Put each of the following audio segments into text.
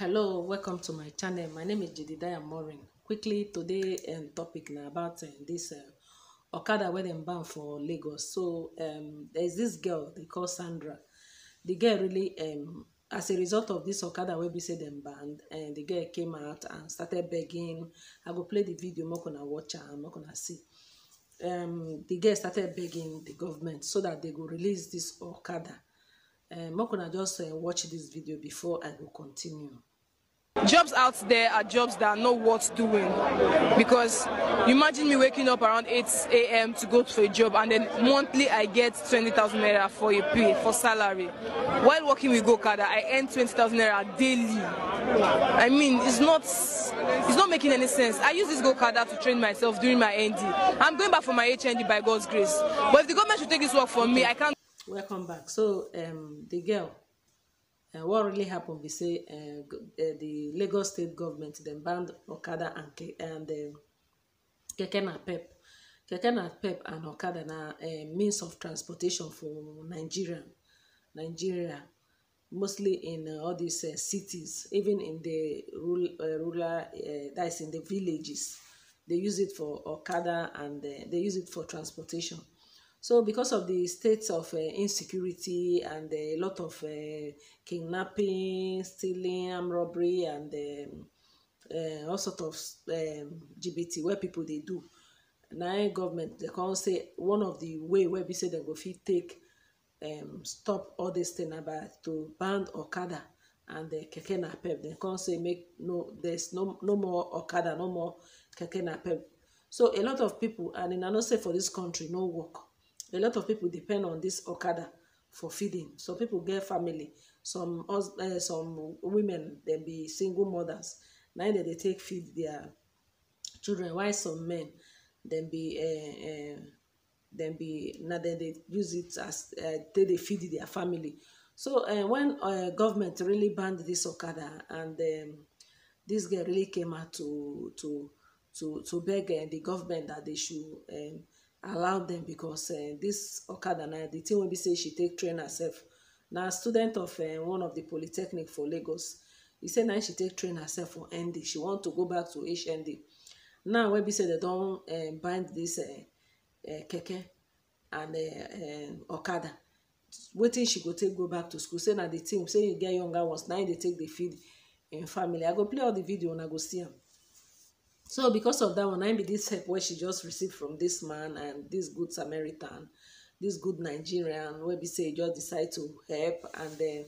hello welcome to my channel my name is jedidiah morin quickly today um, topic now about uh, this uh, okada wedding ban for lagos so um, there's this girl they call sandra the girl really um, as a result of this okada wedding be say ban and um, the girl came out and started begging i will play the video make una watch am not gonna see um, the girl started begging the government so that they will release this okada uh, make just uh, watch this video before i will continue Jobs out there are jobs that are not worth doing because imagine me waking up around 8 a.m. to go for a job and then monthly I get 20,000 naira for a pay for salary. While working with Gokada, I earn 20,000 naira daily. I mean, it's not it's not making any sense. I use this Gokada to train myself during my ND. I'm going back for my HND by God's grace. But if the government should take this work from me, I can't. Welcome back. So um, the girl Uh, what really happened We say uh, uh, the Lagos state government then banned Okada and Ke and uh, Keke Napep. and Okada na uh, means of transportation for Nigeria, Nigeria, mostly in uh, all these uh, cities, even in the rural, uh, rural uh, that is in the villages. They use it for Okada and uh, they use it for transportation. So because of the state of uh, insecurity and a uh, lot of uh, kidnapping, stealing, armed robbery, and um, all sorts of um, GBT where people they do, now government they can't say one of the way where we say they go fit take um, stop all this thing about to ban Okada and the keke napep. They can't say make no there's no no more Okada, no more keke napep. So a lot of people and in say for this country no work. A lot of people depend on this Okada for feeding. Some people get family. Some uh, some women, they be single mothers. Now that they take feed their children. Why some men, then be uh, eh, uh, eh, then be now that they use it as uh, they, they feed their family. So uh, when uh, government really banned this Okada and um, this girl really came out to to to to beg uh, the government that they should allow dem because uh, this okada na the thing wey be say she take train herself na student of uh, one of the polytechnic for lagos e say na she take train herself for nd she want to go back to hnd now wey be say dem don uh, bind this uh, uh, keke and uh, uh, okada wetin she go take go back to school say na the team say you get younger ones na im dey take dey feed im family i go play all the video una go see am so because of that one i be this help wey she just receive from this man and this good samaritan this good nigerian wey be say just decide to help and then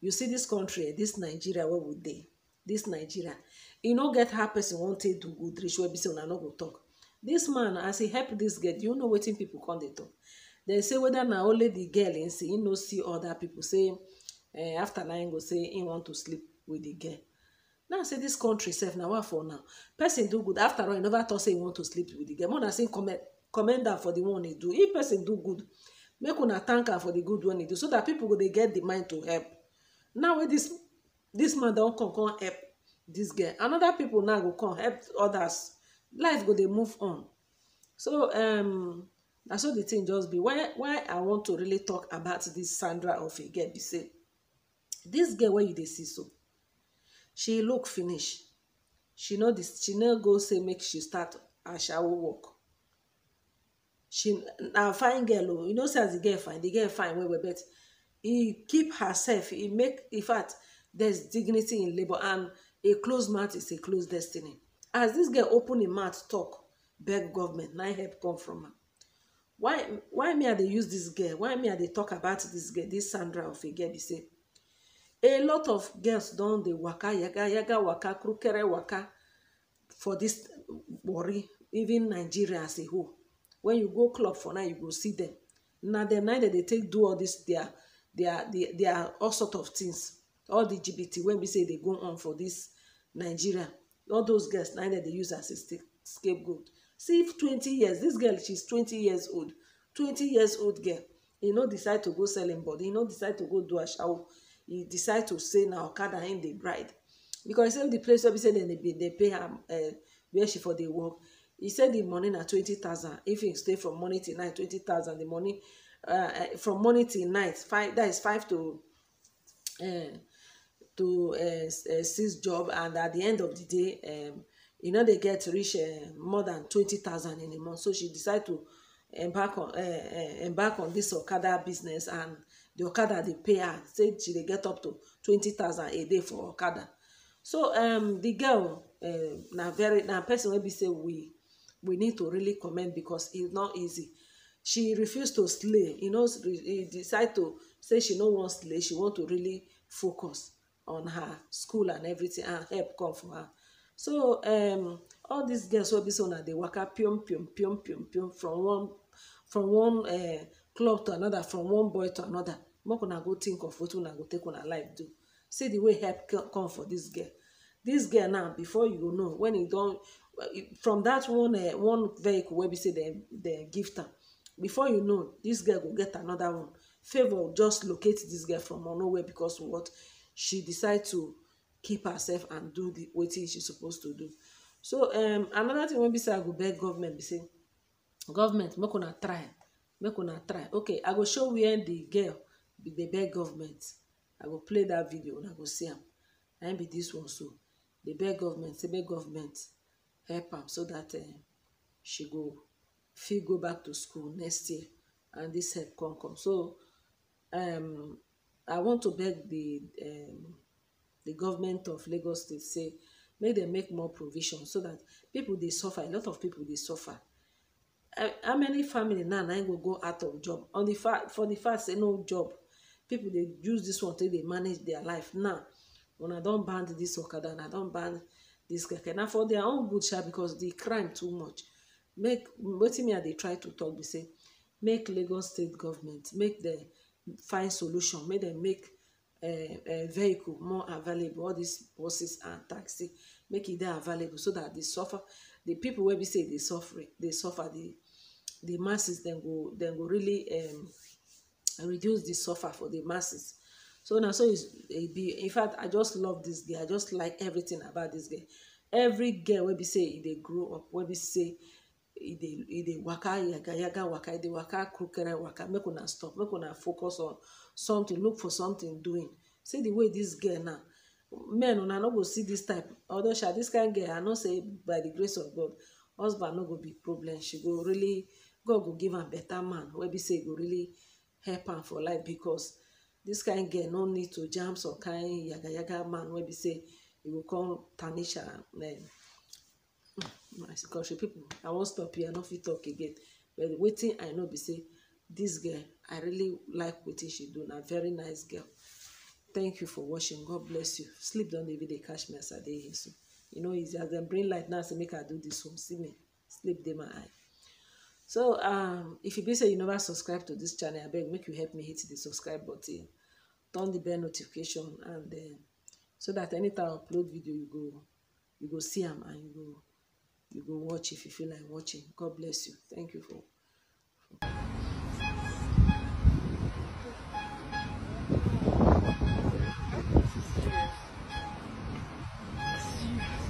you see this country this nigeria wey we dey this nigeria e no get how person wan take do good reach wey be say una no go talk this man as he help this girl do you know wetin people come dey talk dem say whether na only the girl im see im no see other people say uh, after na im go say im want to sleep with the girl now say this country sef na what for now person do good after all e never talk say he want to sleep with the girl more than say commend commend am for the one he do if person do good make una thank am for the good one he do so that people go dey get the mind to help now wey this this man don come come help this girl another people now go come help others life go dey move on so um, na so the thing just be why why i want to really talk about this sandra of a girl be say this girl wey you dey see so she look finish she no dis. she no go say make she start ashawo work she na fine girl o you know say as the girl fine the girl fine well well but e keep herself e make in fact there's dignity in labour and a closed mouth is a closed destiny as this girl open im mouth talk beg government na help come from am why why me i dey use this girl why me i dey talk about this girl this sandra of a girl be say a lot of girls don dey waka yaga yaga waka krukere waka for this worry even nigeria as a whole when you go club for night you go see them. na them na dem dey take do all dis their their their all sort of things all the gbt wey be say dey go on for this nigeria all those girls na dem dey use as a scapegoat see twenty years This girl she's twenty years old twenty years old girl e no decide to go sell im body e no decide to go do ashawo He decide to say na okada him dey bride, because he say the place wey be say dem dey dey pay am uh, where she for dey work He say the money na twenty thousand if he stay from morning till night twenty thousand the money uh, from morning till night five that is five to uh, to uh, uh, six job and at the end of the day um, e no dey get reach uh, more than twenty thousand in a month so she decide to embark on uh, uh, embark on this okada business and the okada dey pay her say she dey get up to twenty thousand a day for okada so um, the girl uh na very na person wey be say we we need to really commend because e no easy she refuse to slay you e know she decide to say she no wan slay she want to really focus on her school and everything and help come for her so um, all these girls wey be so na dey waka pium pium pium pium pium from one from one uh, club to another from one boy to another make una go think of wetin una go take una life do see the way help come for this girl this girl now before you know when e don from that one uh, one vehicle wey be say dem dem gift am before you know this girl go get another one favour just locate this girl from nowhere because what she decide to keep herself and do the wetin she suppose to do so um, another thing wey be say i go beg government be say government make una try make una try okay i go show where the girl be dey beg government i go play that video una go see am na im be this one so dey beg government say make government help am so that uh, she go fit go back to school next year and this help come come so um, i want to beg the um, the government of lagos state say make dem make more provision so that people dey suffer a lot of people dey suffer how many family now na go go out of job on the far for the far, say no job people dey use this one take dey manage their life now una don ban this okada una don ban this keke na for their own good sha because the crime too much make wetin me i dey try to talk be say make lagos state government make dem find solution make dem make uh, uh, vehicle more available all these buses and taxi make e dey available so that the suffer the people wey be say dey suffer dey suffer dey the masses then go then go really um, reduce the suffer for the masses so na so e be in fact i just love this girl i just like everything about this girl every girl wey be say e dey grow up wey be say e dey e dey waka yaga yaga waka e dey waka krokere waka make una stop make una focus on something look for something doing see the way this girl now men una no go see this type although sha this kind girl i know say by the grace of god husband no go be problem she go really god go give am better man wey be say e go really help am for life because this kind girl no need to jam some kind yaga yaga man wey be say he go come tarnish her um, my country people i wan stop here i no fit talk again but wetin i know be say this girl i really like wetin she do na very nice girl thank you for watching god bless you sleep don dey even dey catch me as i dey here so e no easy as dem bring light now say make i do this one see me sleep dey my eye. So um, if you be say you never subscribe to this channel, I beg make you help me hit the subscribe button, turn the bell notification, and then so that anytime I upload video, you go you go see them and you go you go watch if you feel like watching. God bless you. Thank you for.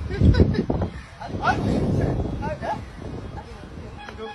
for What?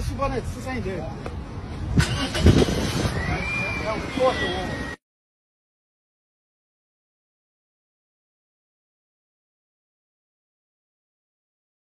十八岁出生的。